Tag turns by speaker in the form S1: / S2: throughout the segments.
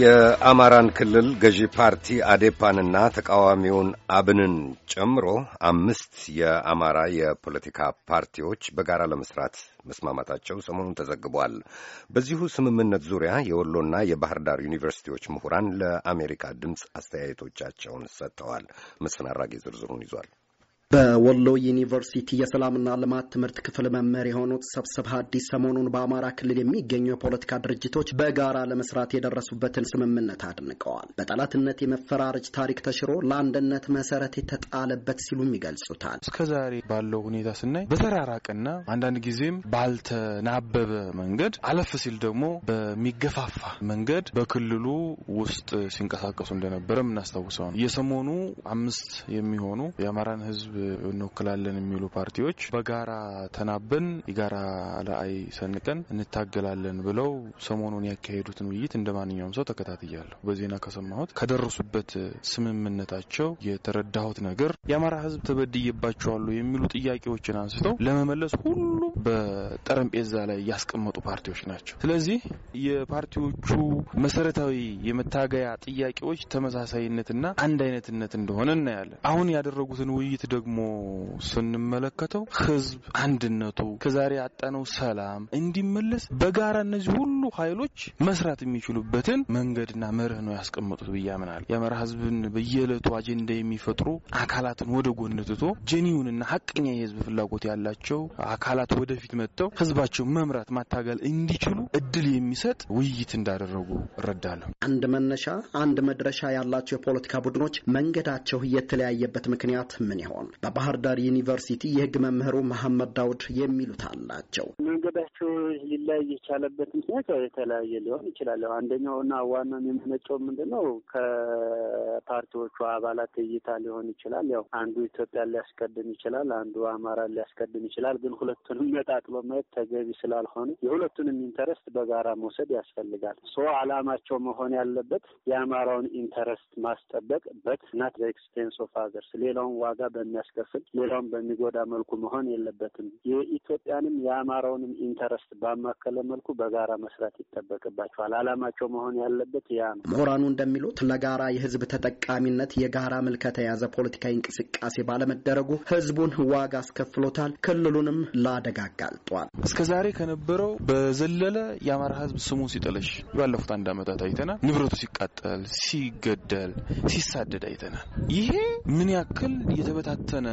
S1: የአማራን ክልል ገዢ ፓርቲ አዴፓንና ተቃዋሚውን አብንን ጨምሮ አምስት የአማራ የፖለቲካ ፓርቲዎች በጋራ ለመስራት መስማማታቸው ሰሞኑን ተዘግቧል። በዚሁ ስምምነት ዙሪያ የወሎና የባህር ዳር ዩኒቨርሲቲዎች ምሁራን ለአሜሪካ ድምፅ አስተያየቶቻቸውን ሰጥተዋል። መስፍን አራጌ ዝርዝሩን ይዟል። በወሎ ዩኒቨርሲቲ የሰላምና ልማት ትምህርት ክፍል መምህር የሆኑት ሰብሰብ ሀዲስ ሰሞኑን በአማራ ክልል የሚገኙ የፖለቲካ ድርጅቶች በጋራ ለመስራት የደረሱበትን ስምምነት አድንቀዋል። በጠላትነት የመፈራረጅ ታሪክ ተሽሮ ለአንድነት መሰረት
S2: የተጣለበት ሲሉም ይገልጹታል። እስከዛሬ ባለው ሁኔታ ስናይ በተራራቀና አንዳንድ ጊዜም ባልተናበበ መንገድ አለፍ ሲል ደግሞ በሚገፋፋ መንገድ በክልሉ ውስጥ ሲንቀሳቀሱ እንደነበረ እናስታውሰው ነው። የሰሞኑ አምስት የሚሆኑ የአማራን ህዝብ እንወክላለን የሚሉ ፓርቲዎች በጋራ ተናበን የጋራ ራዕይ ሰንቀን እንታገላለን ብለው ሰሞኑን ያካሄዱትን ውይይት እንደ ማንኛውም ሰው ተከታትያለሁ። በዜና ከሰማሁት ከደረሱበት ስምምነታቸው የተረዳሁት ነገር የአማራ ህዝብ ተበድይባቸዋሉ የሚሉ ጥያቄዎችን አንስተው ለመመለስ ሁሉም በጠረጴዛ ላይ ያስቀመጡ ፓርቲዎች ናቸው። ስለዚህ የፓርቲዎቹ መሰረታዊ የመታገያ ጥያቄዎች ተመሳሳይነትና አንድ አይነትነት እንደሆነ እናያለን። አሁን ያደረጉትን ውይይት ደግሞ ደግሞ ስንመለከተው ህዝብ አንድነቱ ከዛሬ ያጣነው ሰላም እንዲመለስ በጋራ እነዚህ ሁሉ ኃይሎች መስራት የሚችሉበትን መንገድና መርህ ነው ያስቀመጡት ብዬ አምናለሁ። የአማራ ህዝብን በየዕለቱ አጀንዳ የሚፈጥሩ አካላትን ወደ ጎን ትቶ ጀኒውንና ሀቀኛ የህዝብ ፍላጎት ያላቸው አካላት ወደፊት መጥተው ህዝባቸው መምራት ማታገል እንዲችሉ እድል የሚሰጥ ውይይት እንዳደረጉ እረዳለሁ።
S1: አንድ መነሻ አንድ መድረሻ ያላቸው የፖለቲካ ቡድኖች መንገዳቸው የተለያየበት ምክንያት ምን ይሆን? በባህር ዳር ዩኒቨርሲቲ የህግ መምህሩ መሐመድ ዳውድ የሚሉት አላቸው።
S3: መንገዳቸው ሊለያይ የቻለበት ምክንያት ያው የተለያየ ሊሆን ይችላል። አንደኛውና ዋናው የሚመነጨው ምንድን ነው? ከፓርቲዎቹ አባላት እይታ ሊሆን ይችላል። ያው አንዱ ኢትዮጵያ ሊያስቀድም ይችላል፣ አንዱ አማራ ሊያስቀድም ይችላል። ግን ሁለቱንም ነጣጥሎ ማየት ተገቢ ስላልሆነ የሁለቱንም ኢንተረስት በጋራ መውሰድ ያስፈልጋል። ሶ አላማቸው መሆን ያለበት የአማራውን ኢንተረስት ማስጠበቅ በት ናት በኤክስፔንስ ኦፍ ሀገርስ ሌላውን ዋጋ በሚያ ስለሚያስከፍል ሌላውን በሚጎዳ መልኩ መሆን የለበትም። የኢትዮጵያንም የአማራውንም ኢንተረስት ባማከለ መልኩ በጋራ መስራት ይጠበቅባቸዋል። አላማቸው መሆን ያለበት ያ ነው።
S1: ምሁራኑ እንደሚሉት ለጋራ የህዝብ ተጠቃሚነት የጋራ ምልከታ የያዘ ፖለቲካዊ እንቅስቃሴ ባለመደረጉ ህዝቡን ዋጋ አስከፍሎታል፣ ክልሉንም ለአደጋ አጋልጧል።
S2: እስከዛሬ ከነበረው በዘለለ የአማራ ህዝብ ስሙ ሲጠለሽ ባለፉት አንድ ዓመታት አይተናል። ንብረቱ ሲቃጠል፣ ሲገደል፣ ሲሳደድ አይተናል። ይሄ ምን ያክል የተበታተ የተበተነ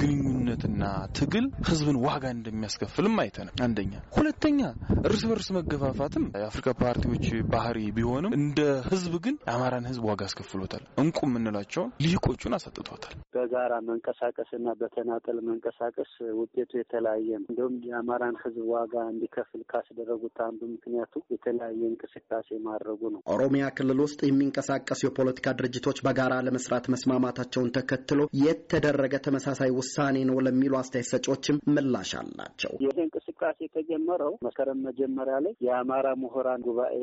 S2: ግንኙነትና ትግል ህዝብን ዋጋ እንደሚያስከፍልም ነው አንደኛ። ሁለተኛ እርስ በርስ መገፋፋትም የአፍሪካ ፓርቲዎች ባህሪ ቢሆንም እንደ ህዝብ ግን የአማራን ህዝብ ዋጋ አስከፍሎታል። እንቁ የምንላቸውን ልሂቆቹን አሳጥቶታል።
S3: በጋራ መንቀሳቀስና በተናጠል መንቀሳቀስ ውጤቱ የተለያየ ነው። እንዲሁም የአማራን ህዝብ ዋጋ እንዲከፍል ካስደረጉት አንዱ ምክንያቱ የተለያየ እንቅስቃሴ ማድረጉ ነው። ኦሮሚያ
S1: ክልል ውስጥ የሚንቀሳቀሱ የፖለቲካ ድርጅቶች በጋራ ለመስራት መስማማታቸውን ተከትሎ የተደረገ ያደረገ ተመሳሳይ ውሳኔ ነው ለሚሉ አስተያየት ሰጪዎችም ምላሽ አላቸው።
S3: እንቅስቃሴ የተጀመረው መስከረም መጀመሪያ ላይ የአማራ ምሁራን ጉባኤ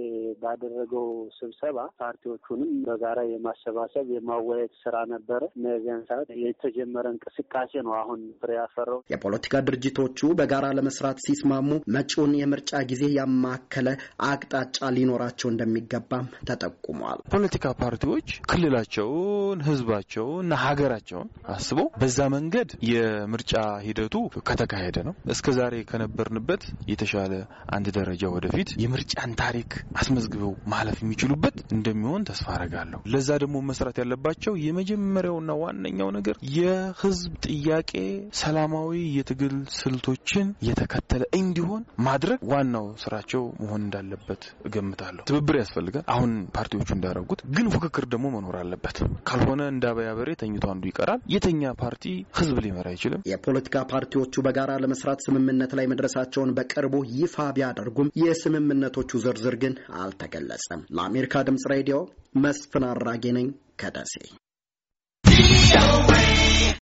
S3: ባደረገው ስብሰባ ፓርቲዎቹንም በጋራ የማሰባሰብ የማወያየት ስራ ነበረ። እነዚያን ሰዓት የተጀመረ እንቅስቃሴ ነው አሁን ፍሬ ያፈራው።
S1: የፖለቲካ ድርጅቶቹ በጋራ ለመስራት ሲስማሙ መጪውን የምርጫ ጊዜ ያማከለ አቅጣጫ ሊኖራቸው እንደሚገባም
S2: ተጠቁሟል። ፖለቲካ ፓርቲዎች ክልላቸውን፣ ህዝባቸውንና ሀገራቸውን አስበው በዛ መንገድ የምርጫ ሂደቱ ከተካሄደ ነው እስከዛሬ ከነበረ ከነበርንበት የተሻለ አንድ ደረጃ ወደፊት የምርጫን ታሪክ አስመዝግበው ማለፍ የሚችሉበት እንደሚሆን ተስፋ አረጋለሁ። ለዛ ደግሞ መስራት ያለባቸው የመጀመሪያውና ዋነኛው ነገር የህዝብ ጥያቄ ሰላማዊ የትግል ስልቶችን የተከተለ እንዲሆን ማድረግ ዋናው ስራቸው መሆን እንዳለበት እገምታለሁ። ትብብር ያስፈልጋል። አሁን ፓርቲዎቹ እንዳረጉት ግን ፉክክር ደግሞ መኖር አለበት። ካልሆነ በሬ ተኝቶ አንዱ ይቀራል። የተኛ ፓርቲ ህዝብ ሊመራ አይችልም።
S1: የፖለቲካ ፓርቲዎቹ በጋራ ለመስራት ስምምነት ላይ መድረስ መመለሳቸውን በቅርቡ ይፋ ቢያደርጉም የስምምነቶቹ ዝርዝር ግን አልተገለጸም። ለአሜሪካ
S2: ድምጽ ሬዲዮ መስፍን አራጌ ነኝ ከደሴ።